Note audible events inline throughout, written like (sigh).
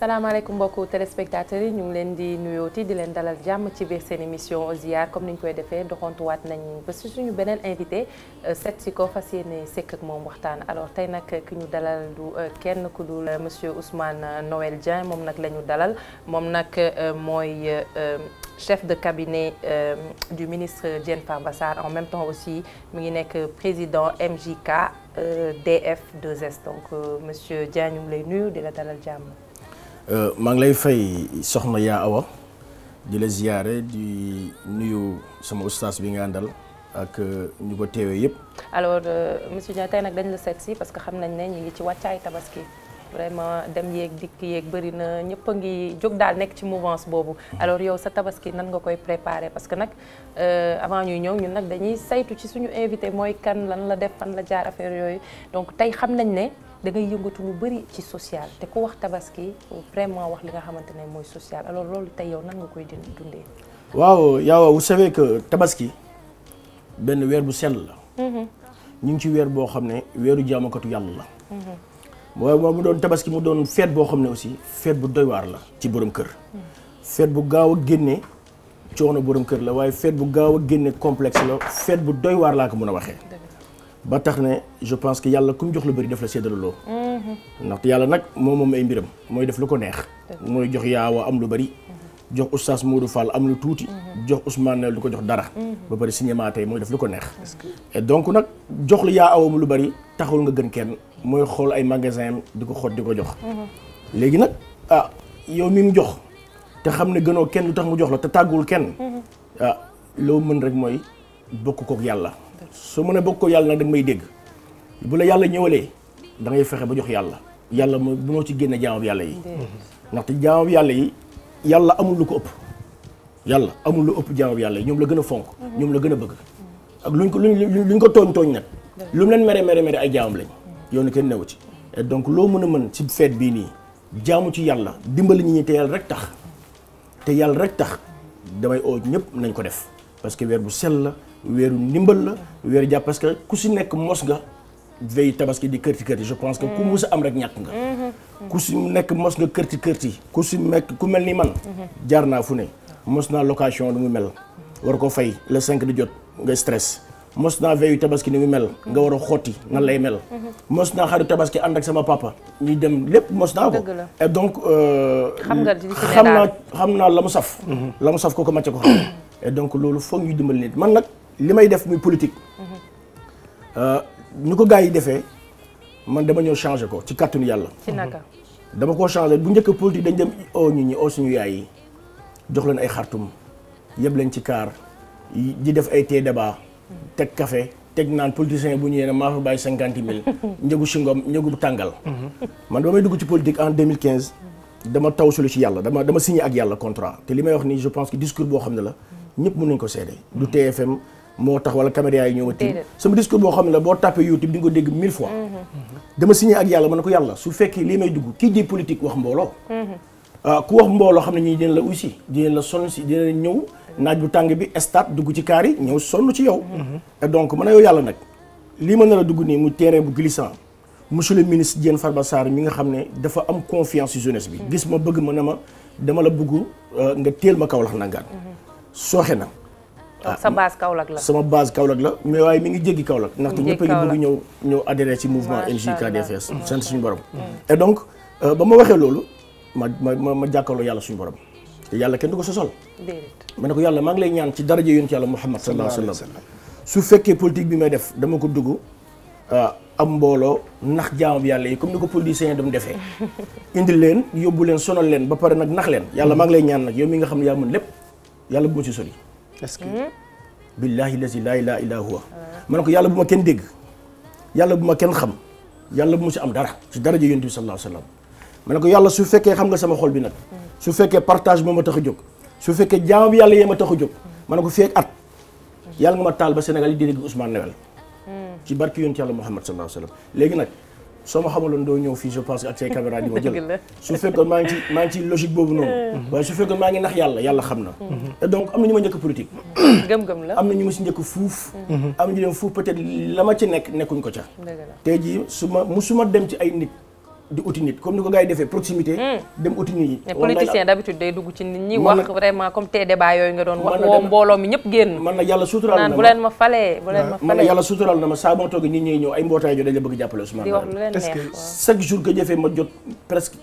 salaamaaleykum mbokku téléspectateurs yi ñu ngi leen di nuyooti di leen dalal jàmm ci biir seen émission ziar comme ni ñu koy defee doxantuwaat nañ ba si ñu beneen invité euh, seet si ko fas yéene sekk ak moom waxtaan alors tey nag ki ñu dalal du euh, kenn ku dul euh, monsieur Ousmane Noël Dieng moom nag la ñu dalal moom nag mooy chef de cabinet du ministre Diène Farba Sarr en même temps aussi mi ngi nekk président MJK DF2S donc monsieur Dieng ñu ngi lay nuyu dina dalal jàmm. Euh, maa ngi lay fay soxna yaa awa di la ziyaare di nuyu sama ustaas bi nga àndal ak euh, ñu ko teewee yëpp. alors euh, monsieur Dieng tey nag dañ la seet si parce que xam nañ ne ñu ngi ci wàccaay tabaski vraiment dem yeeg dikk yeeg bëri na ñëpp a ngi jóg daal nekk ci mouvance boobu. alors yow sa tabaski nan nga koy préparer parce que nag avant ñuy ñëw ñun nag dañuy saytu ci suñu invité mooy kan lan la def fan la jaar affaire yooyu donc tey xam nañ ne. da ngay yëngatu lu bëri ci social te ku wax tabaski vraiment wax li nga xamante ne mooy social alors loolu tey yow nan nga koy dundee. waaw yow vous savez que tabaski benn weer bu sell la. Mhm. ñu ngi ci weer boo xam ne weeru jaamakatu yàlla la. Mhm. waaye moom mu doon tabaski mu doon feet boo xam ne aussi feet bu doy waar la ci borom kër. Mhm. feet bu gaaw a génne coono borom kër la waaye feet bu gaaw a génne complexe la bu doy waar laa ko mun a waxee. ba tax ne je pense que yàlla ku mu jox lu bëri daf la séddaloo. ndaxte yàlla nag moo moom ay mbiram mooy def lu ko neex. mooy jox yaawa am lu bari jox oustaz Modou Fall am lu tuuti. jox Ousmane ne du ko jox dara. ba pare cinéma tey mooy def lu ko neex. et donc nag jox la yaa awam lu bëri taxul nga gën kenn mooy xool ay magasin di ko xool di ko jox. léegi nag ah yow mi mu jox te xam ne gënoo kenn lu tax mu jox la te tàgguwul kenn mhm. ah loo mën rek mooy bokk kook yàlla. su mën ne bokk ko yàlla nag may dégg bu la yàlla ñëwalee da ngay fexe ba jox yàlla yàlla bu mënoo ci génne jaamam yàlla yi mm-hmm. ndaxte jaamam yàlla yi yàlla amul lu ko ëpp yàlla amul lu ëpp jaamam yàlla yi ñoom la gën a fonk mm-hmm. ñoom la gën a bëgg mm-hmm. ak luñ ko luñ ko tooñ tooñ nag lu mu leen mere mere mere ay jaamam lañ yoonu kenn newu ci donc loo mën a mën ci feet bii nii jaamu ci yàlla dimbali ñi ñi te yàlla rek tax te yàlla rek tax damay oo ñëpp nañ ko def parce que weer bu sell la weeru ndimbal la weeru jàpp parce que ku si nekk mos nga veille tabaski di kërti kërti je pense que ku mus a am rek ñàkk nga ku si nekk mos nga kërti kërti ku si nekk ku mel ni man jaar naa fu ne mos naa location lu mu war ko fay le cinq di jot nga stress mos naa veyu tabaski ni mu mel nga war a xotti nan lay mel mos naa xaru tabaski ànd ak sama papa ñu dem lépp mos naa ko et donc euh, xam nga xam naa la mu saf la mu saf kooku macce ko xam et donc loolu foog ñu dimbali nit man nag li may def muy politique ñu euh, ko gars yi defee man dama ñëw changé ko ci kàttanu yàlla. ci naka dama ko changé bu njëkk politique dañ dem o oh, ñu ñi oo oh, suñu yaay yi jox leen ay xartum yëpp leen ci kaar di def ay thé débat teg café teg naan politicien bu ñëwee ne maa fa bàyyi cinquante mille (laughs) njëgu singom njëgu tàngal. Mhm. man ba may dugg ci politique en 2015 dama taw sulu ci yàlla dama dama signé ak yàlla contrat te li may wax ni je pense que discours boo xam ne la ñëpp mën nañ moo tax wala caméra yi ñëw a tiim sama discours boo xam ne la boo tapé youtube di nga ko dégg mille fois mm-hmm. dama signé ak yàlla ma ne ko yàlla su fekkee lii may dugg kii di politique wax mbooloo mm-hmm. ah, ku wax mbooloo xam ne ñii dina la aussi dina la sonn si dina la ñëw naaj bu tàng bi stade dugg ci kaar yi ñëw sonn ci yow mm-hmm. et mën a yow yàlla nag lii ma nar a dugg nii mu terrain bu glissant monsieur le ministre Diène Farba Sarr mi nga xam ne dafa am confiance ci jeunesse bi gis ma bëgg ma ne ma dama la bëgg euh, nga ma kaw lax nangaan sooxe na donc ah, sa base Kaolack la sama base Kaolack la mais waaye mi ngi jéggi Kaolack ndaxte ñëpp a ngi bëgg ñëw ñëw adhéré ci mouvement NJKDFS sant suñu borom mm. et donc euh, ba ma waxee loolu ma ma ma jàkkaarloo yàlla suñu borom te yàlla kenn du ko sosol ma ne ko yàlla maa ngi lay ñaan ci daraje yonent yàlla Muhammad sallallahu alayhi wa sallam su bi may def dama ko dugg euh, am mbooloo nax jaamam yàlla yi comme ni ko politicien dem defee (laughs) indi leen yóbbu leen sonal leen ba pare nag nax leen yàlla maa lay ñaan nag yow mi nga xam ne yaa mën lépp yàlla bu ma ci yi est-ce que hmm? billaahi lazi laa ilaaha illaa huwa ma ne ko yàlla bu ma kenn dégg yàlla bu ma kenn xam yàlla bu ma si am dara si daraja yonent bi sa alayhi wa sallam ma ne ko yàlla su fekkee xam nga sama xol bi nag hmm. su fekkee partage moo ma tax a jóg su fekkee jaamu bi yàlla yee ma tax a jóg ma ne ko feek at yàlla nga ma taal ba Sénégal yi di dégg Ousmane Noël hmm. ci barki yonent yàlla Muhammad sallallaahu alayhi wa léegi nag soo ma xamaloon doo ñëw fii je pense ak say caméra di ma (laughs) jël su fekkoon maa ngi ci maa ngi ci logique boobu noonu (laughs) waaye su fekkoon maa ngi nax yàlla yàlla xam na mm-hmm. et donc am na ñu ma njëkk politique (coughs) gëm-gëm la am na ñu ma si njëkk fuuf mm-hmm. am na ñu dem fuuf peut-être la ma ci nekk nekkuñ ko ca te jii su ma su ma dem ci ay nit di uti nit comme ni ko gars yi defee proximité. Hmm. dem uti nit yi. ci nit ñi. wax vraiment comme tey débat yooyu nga doon. wax woo mbooloo mi ñëpp génn. man na yàlla suturaal na ma bu leen ma falee bu leen ma falee. man na yàlla suturaal na ma saa ma toog nit ñi ñëw ay mbootaay jo dañ bëgg jàppale Ousmane. di wax lu leen neex chaque jour que jëfee ma jot presque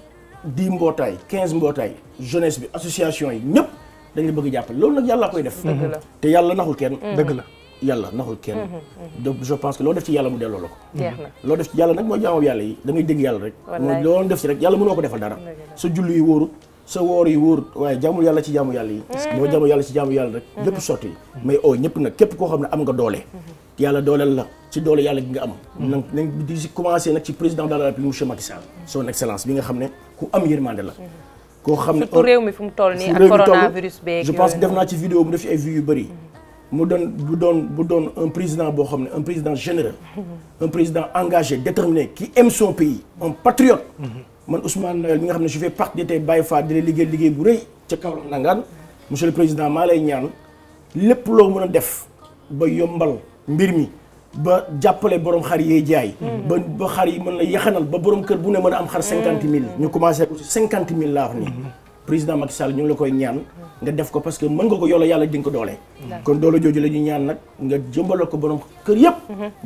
dix mbootaay quinze mbootaay jeunesse bi association yi ñëpp dañ bëgg jàppale loolu nag yàlla koy def. dëgg la te yàlla naxul kenn. Hmm. dëgg la yàlla naxul kenn. Mhm, mhm. donc je pense que loo def ci yàlla mu delloo la ko. Mhm. loo def ci yàlla nag mooy jaamu yàlla yi da ngay dégg yàlla rek. wallaay loo def ci rek yàlla mënoo ko defal dara. sa julli ci yàlla def naa ci vidéo mu def ci ay vues yu bëri mu doon bu doon bu doon un président boo xam ne un président généreux mhm. un président engagé déterminé qui aime son pays un patriote mhm. man Ousmane Noël euh, mi nga xam ne je fais partie des Baye Fall di la liggéey liggéey bu rëy ca Kaolack nangaan monsieur le président maa lay ñaan lépp loo mën a def ba yombal mbir mi ba jàppale borom xar yee jaay. ba mhm. ba xar yi mën na yaxanal ba borom kër bu ne mën a am xar cinquante mille. ñu commencé cinquante mille laa wax nii. président Macky Sall ñu la koy ñaan nga def ko parce que mën nga ko yoola yàlla di nga ko doole kon doole jooju la ñu ñaan nag nga jëmbalal ko borom kër yëpp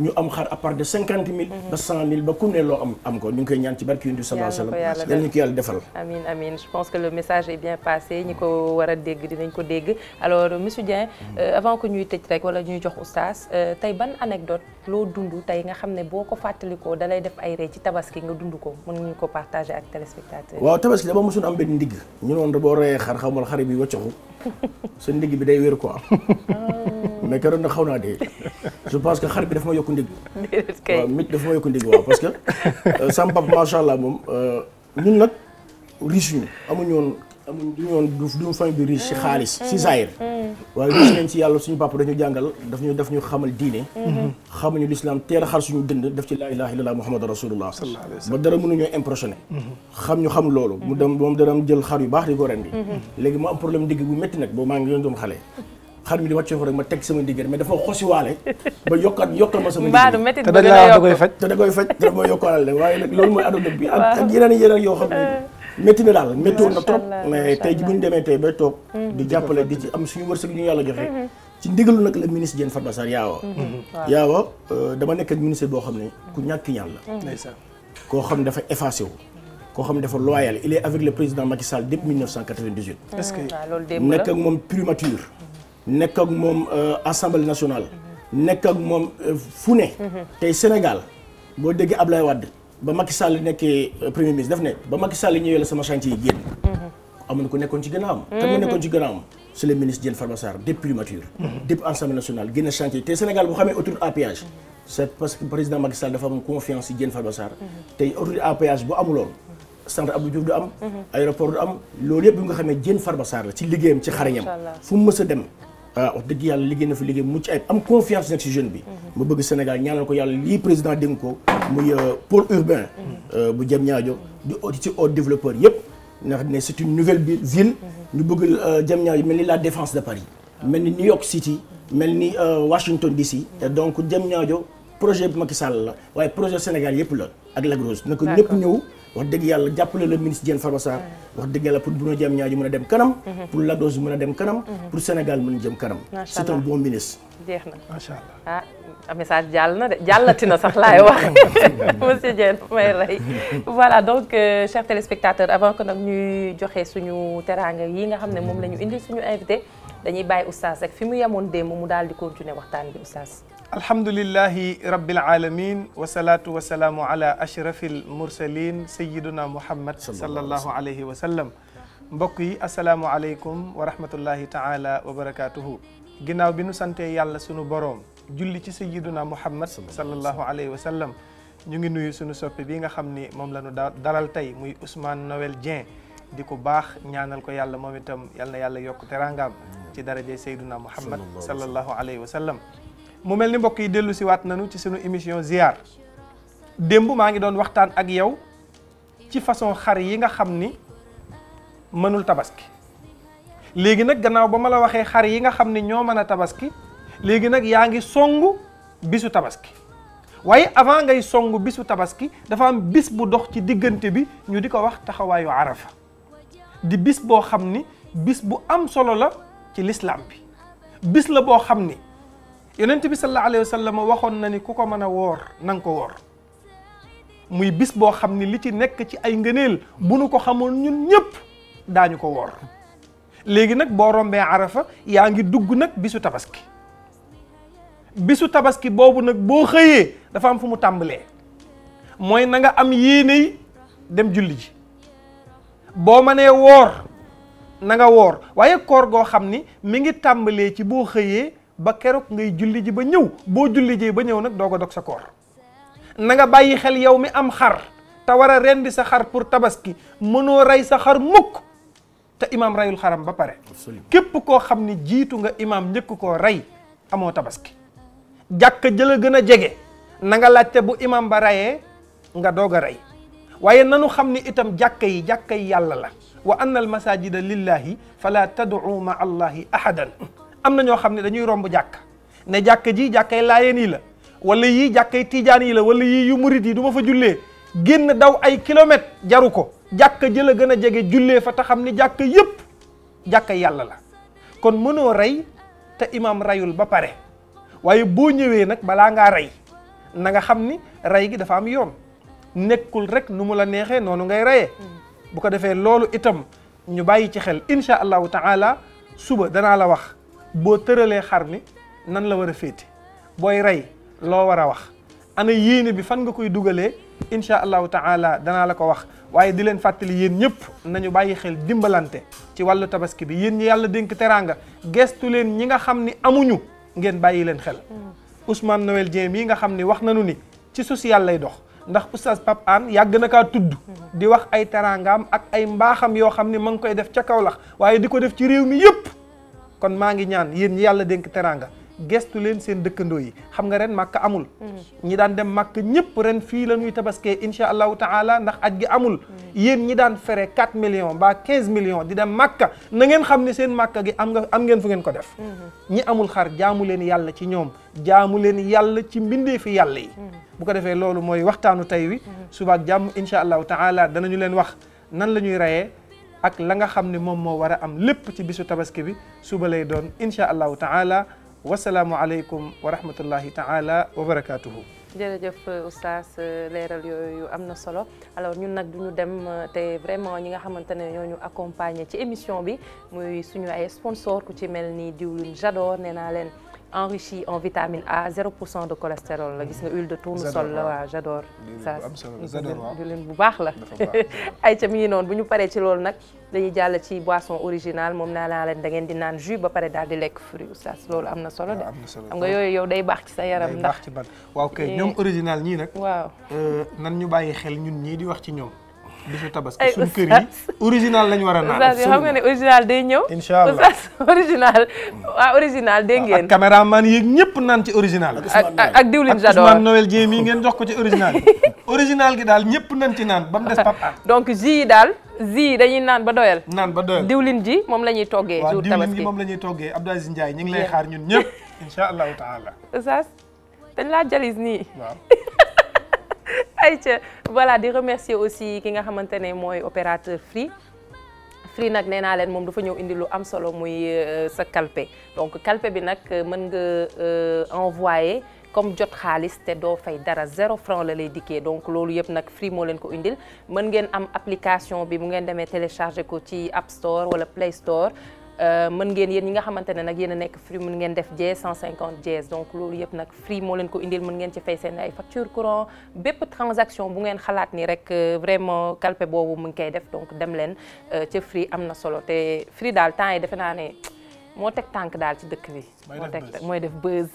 ñu am xar à part de cinquante mille ba cent mille ba ku ne loo am ko ñu ngi koy ñaan ci barki yundu sallallahu alayhi wasallam yàlla ñu ko yàlla defal amin amin je pense ko a euh, ñuy tëj rek wala ñuy jox oustaz euh, tey ban anecdote loo dund tey nga xam ne boo ko fàttalikoo dalay def ay ree ci tabaski nga dund ko mën ñu ko partager ak téléspectateurs waaw tabaski dama mosoon am ñu ne woon boo reyee xar xaw ma xari bi waccaxu sa (laughs) ndigg bi day ko quoi ah. mais keroog na xaw naa de je pense que xar bi dafa ma yokku ndigg waaw mit dafa ma yokku ndigg waaw parce que euh, sam pap macha allah moom euh, ñun nag riche ñu amuñu amuñ du ñu woon du ñu famille bi riche ci mm. xaalis ci mm. zaahir mm. waaye gis nañ ci yàlla suñu papa dañu jàngal daf ñu xamal diine mm-hmm. xamuñu lislaam teel a xar suñu dënd daf ci laa ilaha illallah muhammadu ba dara mënuñoo impressionné mm-hmm. xam ñu xam loolu moom dara jël xar yu baax di ko rendi mm-hmm. léegi ma am problème ndigg bu métti nag boobu maa ngi leen doon xale xar mi di wàccee ko rek ma teg sama ndigër mais dafa xosiwaale ba yokkaat yokkal ma sama ndigër te te da koy faj te daf (laughs) métti na daal méttoon na trop mais tey ji bu ñu demee tey bay toog mm-hmm. di jàppale di ci am suñu wërsëg ñu yàlla joxe mm-hmm. ci ndigalu nag la ministre Diène Farba Sarr yaawa mm-hmm. yaawa euh, dama nekk ak ministre boo xam ne ku ñàkk ñaan la koo xam ne dafa effacé wu koo xam ne dafa loyal il est avec le président Macky Sall depuis 1998 est-ce que nekk ak moom primature nekk ak moom euh, assemblée nationale nekk ak moom euh, fu ne tey Sénégal boo déggee Ablaye Wade ba Macky Sall nekkee euh, premier ministre daf ne ba Macky Sall ñëwee la sama chantier yi génn. Mhm. amuñu ko nekkoon ci gannaawam. te mu mhm. nekkoon ci gannaawam. c'est le ministre Diène Farba Sarr depuis primature. Mhm. depuis assemblée nationale génne chantier te Sénégal bu xamee autoroute à péage. c'est président Macky dafa am confiance ci Diène Farba Sarr. tey autoroute à bu amuloon. centre Abdou du am. aéroport du am. loolu yëpp bi nga xamee Diène Farba la ci liggéeyam ci xarañam. a dem. waaw euh, wax dëgg yàlla liggéey na fi liggéey mucc ayib am confiance nag si jeune bi ma mhm. bëgg Sénégal ñaanal ko yàlla lii président dénk ko muy euh, pôle urbain mhm. euh, bu jëm ñaajo di ci haut développeur yëpp ndax ne c'est une nouvelle ville mhm. ñu bëgg jëm ñaajo mel ni la défense de Paris ah. mel ni New York City mel ni Washington DC donc jëm ñaajo projet bu Macky Sall la waaye projet Sénégal yëpp la ak Lac Rose na ko ñëpp ñëw wax dëgg yàlla jàppale la ministre Diène Farba Sarr wax dëgg yàlla pour Bouna Diamniadio mën a dem kanam mhm. pour Lac Rose a dem kanam mhm. pour Sénégal mën a jëm kanam c'est un bon ministre jeex na macha allah ah message jàll na de jàllati na sax laay wax (laughs) monsieur Diène may rey voilà donc euh, chers téléspectateurs avant que nag ñuy joxe suñu teraanga yi nga xam ne moom la ñu indil suñu invité dañuy bàyyi oustaz rek fi mu yemoon démb mu daal di continuer waxtaan bi oustaz alhamdulillahi rabbil alamin wasalaatu wasalaamu ala ashrafil mursalin sayiduna muhammad sallallahu alayhi wa sallam mbokk yi asalaamualeykum wa rahmatullahi taala wa barakatuhu ginnaaw bi nu santee yàlla sunu boroom julli ci sayiduna muhammad sallallahu alayhi wa sallam ñu ngi nuyu sunu soppe bi nga xam ni moom la ñu dalal tey muy Ousmane Noël Dieng di ko baax ñaanal ko yàlla moom itam yal na yàlla yokk teraangaam ci daraje sayduna muhammad sallallahu alayhi wa sallam mu mel ni mbokk yi dellu waat nañu ci sunu émission ziar démb maa ngi doon waxtaan ak yow ci façon xar yi nga xam ni mënul tabaski léegi nag gannaaw ba ma la waxee xar yi nga xam ni ñoo mën a tabaski léegi nag yaa ngi songu bisu tabaski waaye avant ngay songu bisu tabaski dafa am bis bu dox ci diggante bi ñu di ko wax taxawaayu arafa di bis boo xam ni bis bu am solo la ci lislaam bi bis la boo xam ni yonent bi sallallahu alayhi wa sallam waxoon na ni ku ko mën a woor na nga ko woor muy bis boo xam ni li ci nekk ci ay ngëneel bu nu ko xamoon ñun ñëpp daañu ko woor léegi nag boo rombee arafa yaa ngi dugg nag bisu tabaski bisu tabaski boobu nag boo xëyee dafa am fu mu tàmbalee mooy nanga am yéeney dem julli ji boo mënee woor na nga woor waaye koor goo xam ni mi ngi tàmbalee ci boo xëyee ba keroog ngay julli ji ba ñëw boo jullijee ba ñëw nag doog a dog sa koor nanga bàyyi xel yow mi am xar te war a rendi sa xar pour tabaski mënoo rey sa xar mukk te imam reyul xaram ba pare képp koo xam ni jiitu nga imaam njëkk koo rey amoo tabaski jàkk jëla gën a jege na nga laajte bu imam ba reyee nga doog rey waaye nanu xam ni itam jàkk yi jàkk yi yàlla la wa anna al masajida lillahi fala tad'u ma allahi ahadan am na ñoo xam ne dañuy romb jàkk ne jàkk ji jàkkay laayeen yi la wala yii jàkkay tiijaan yi la wala yii yu murit yi du ma fa jullee génn daw ay kilomètres jaru ko jàkk ji la gën a jege jullee fa ta xam ne jàkk yépp jàkka yàlla la kon mënoo rey te imam reyul ba pare waaye boo ñëwee nag balaa ngaa rey na nga xam ni rey gi dafa am yoon nekkul rek nu mu la neexee noonu ngay reyee mm. bu ko defee loolu itam ñu bàyyi ci xel incha allahu ta'ala suba danaa la wax boo tëralee xar mi nan la war a féete booy rey loo war a wax ana yéene bi fan nga koy dugalee incha allahu taala danaa la ko wax waaye di leen fàttali yéen ñëpp nañu bàyyi xel dimbalante ci wàllu tabaski bi yéen ñi yàlla dénk teraanga gestu leen ñi nga xam ni amuñu ngeen bàyyi leen xel mm. Ousmane Noël Dieng yi nga xam ni wax nañu ni ci social lay dox ndax oustaz Pape ann yàgg na kaa tudd mm. di wax ay teraangaam ak ay mbaaxam yoo xam ni ma ngi koy def ca Kaolack waaye di ko def ci réew mi yëpp kon maa ngi ñaan yéen ñi yàlla dénk teraanga gestu leen seen dëkkandoo yi xam nga ren màkk amul mm. ñi daan dem màkk ñëpp ren fii la ñuy tabaskee insha allahu taala ndax aj gi amul mm. yéen ñi daan fere 4 million ba 15 million di dem màkk nangeen xam ne seen màkk gi am nga am ngeen fu ngeen ko def mm-hmm. ñi amul xar jaamu leen yàlla ci ñoom jaamu leen yàlla ci mbindee fi yàlla yi mm. bu ko defee loolu mooy waxtaanu tey wi mm-hmm. subaak jàmm insha allahu taala danañu leen wax nan la ñuy rayee ak la nga xam ne moom moo war a am lépp ci bisu tabaski bi suba lay doon incha allahu ta'ala wasalaamu aleykum wa rahmatullahi ta'ala wa barakaatuhu. jërëjëf oustaz leeral yooyu am na solo alors ñun nag duñu dem te vraiment ñi nga xamante ne ñoo ñu accompagner ci émission bi muy suñu ay sponsor ku ci mel ni diwlin j'adore nee naa leen. enrichi en vitamine A 0% de cholestérol la gis nga huile de tournesol la waaw j'adore ça diwlin bu baax la ay ca (laughs) mi bu ñu paree ci loolu nag dañuy jàll ci boisson originale moom naa naa leen da ngeen di naan jus ba pare daal di lekk fruit oustaz loolu am na solo de xam nga yooyu yow day baax ci sa yaram ndax waaw kay eh. ñoom original ñii nag waaw euh, nan ñu bàyyi xel ñun ñii di wax ci ñoom bisu tabaski suñu kër yi original lañ war a naan. oustaz xam nga ne original day ñëw. incha allah oustaz original. waa original dégg ngeen. ak caméraman yi ñëpp naan ci original. ak ak diwlin j'adore ak Ousmane Noël Dieng mii ngeen jox ko ci original (laughs) original gi daal ñëpp nañ ci naan ba mu des (laughs) Pape donc jus daal jus yi dañuy naan ba doyal. naan ba doyal diwlin ji moom la ñuy toggee. jour tabaski waaw moom la ñuy toggee Abdou Aziz Ndiaye ñu ngi lay xaar ñun ñëpp (laughs) incha allahu taala. oustaz dañ laa jalis nii. ayca voilà di remercier aussi ki nga xamante ne mooy opérateur Free Free nag nee naa leen moom dafa ñëw indi lu am solo muy euh, sa calpe donc calpe bi nag euh, mën nga euh, envoyer comme jot xaalis te doo fay dara zéro franc la lay dikkee donc loolu yëpp nag Free moo leen ko indil mën ngeen am application bi mu ngeen demee télécharger ko ci App Store wala Play Store. Euh, mën ngeen yéen ñi nga xamante ne nag yéen a nekk free mën ngeen def dièse 150 dièse donc loolu yëpp nag free moo leen ko indil mën ngeen ci fay seen ay facture courant bépp transaction bu ngeen xalaat ni rek euh, vraiment calpe boobu mu ngi koy def donc dem leen euh, ca free am na solo te fri daal temps yi defe naa ne moo teg tànk daal ci dëkk bi. moo teg mooy def buzz.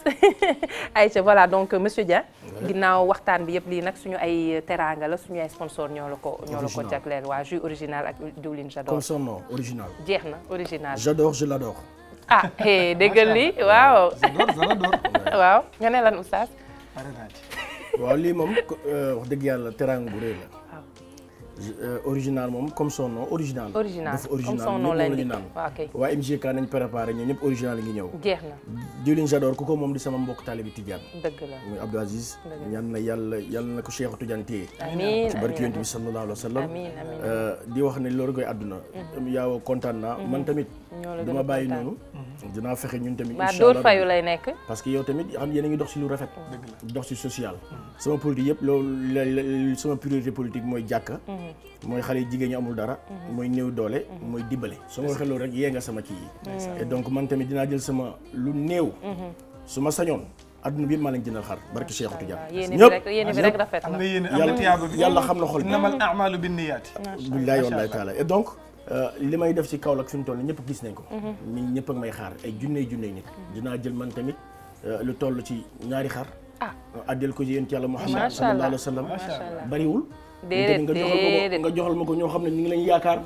(laughs) Aïcha voilà donc monsieur Dia. ginnaaw waxtaan bi yëpp lii nag suñu ay teraanga la suñu ay sponsor ñoo la ko. ñoo la ko jagleel waa jus original ak diwlin j'adore. comme son nom original. jeex na original. j'adore je l'adore. ah déggal lii (laughs) waaw. nga ne lan oustaz. Euh, yàlla teraanga Euh, original moom comme son nom original. original dafa original comme son nom original waa ngi ñëw. diwlin j'adore ku ko moom di sama mbokk taalibi Tidiane. dëgg la muy Abdou Aziz. ñaan na ko Cheikh Tidiane téye. amiin ci barki yonent bi sallallahu alayhi wa sallam. Euh, di wax ne loolu koy àdduna. Mm-hmm. yow kontaan mm-hmm. man tamit. du ma bàyyi noonu mhm. dinaa fexe ñun tamit incha que yow tamit xam yéen a ngi dox si lu rafet mhm. dox si social mhm. sama politique yëpp loolu sama priorité politique mooy jàkka mooy xale yi jigéen ñi amul dara mooy néew doole mooy dimbale soo ma waxee loolu rek yee nga sama kii yi donc man tamit dinaa jël sama lu néew su ma sañoon adduna bi yëpp maa leen jëndal xar barki Cheikh Tidiane ñëpp yéen bi rek rafet na yàlla xam na xol bi innamal a'malu binniyaati billaahi wallaahi taala et donc Euh, li may def ci Kaolack fi mu toll ñëpp gis nañ ko. mi mhm. ñëpp may xaar ay junne junne nit. dinaa jël man tamit euh, lu toll ci ñaari xar. Ah. addel ko ci yéen ci yàlla Muhammad sallallahu alayhi wa sallam bariwul déedéet déedéet nga joxal ma ko ñoo xam ne ñu ngi leen yaakaar.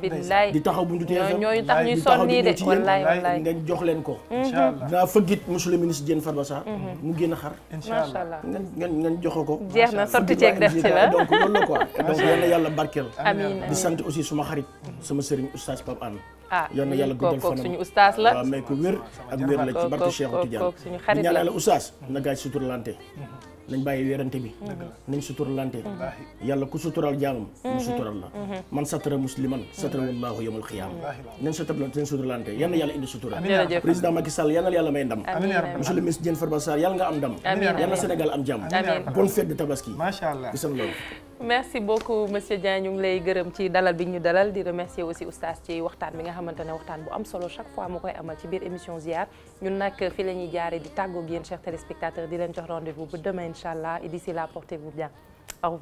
di taxaw bu ñu teefee ñooñu tax ñuy sonni de wallaay wallaay nga jox leen ko. Mhm. incha allah dinaa fëggit monsieur le ministre Diène Farba Sarr. Mhm. mu génn xar. incha allah nga nga nga joxe ko. jeex na sotti ceeg def ci la donc loolu la quoi. donc yal na yàlla barkeel. amiin di sant aussi suma xarit. sama sëriñ oustaz Pape Anne. ah yal na yàlla guddal fanam suñu oustaz la waaw may ko wér ak wér la ci barke Cheikh Tidiane. kooku suñu xarit la ñaanal oustaz na gaay suturlante mhm. nañ bàyyi wérante bi nañ suturalante yàlla ku sutural jaamam mu sutural la man satara musliman satara wallahu yawmal qiyaama nañ suturalante nañ suturalante yal na yàlla indi sutura président Macky Sall yal na may ndam monsieur le ministre Diène Farba nga am ndam yal na am jàmm bonne fête macha allah bisam loolu merci beaucoup monsieur Diagne ñu ngi lay gërëm ci dalal bi ñu dalal di remercier aussi oustaz ci waxtaan bi nga xamante ne waxtaan bu am solo chaque fois mu koy amal ci biir émission ziar ñun nag fi la ñuy jaare di tàggoog yéen chers téléspectateurs di leen jox rendez-vous ba demain incha allah et d'ici là portez-vous bien au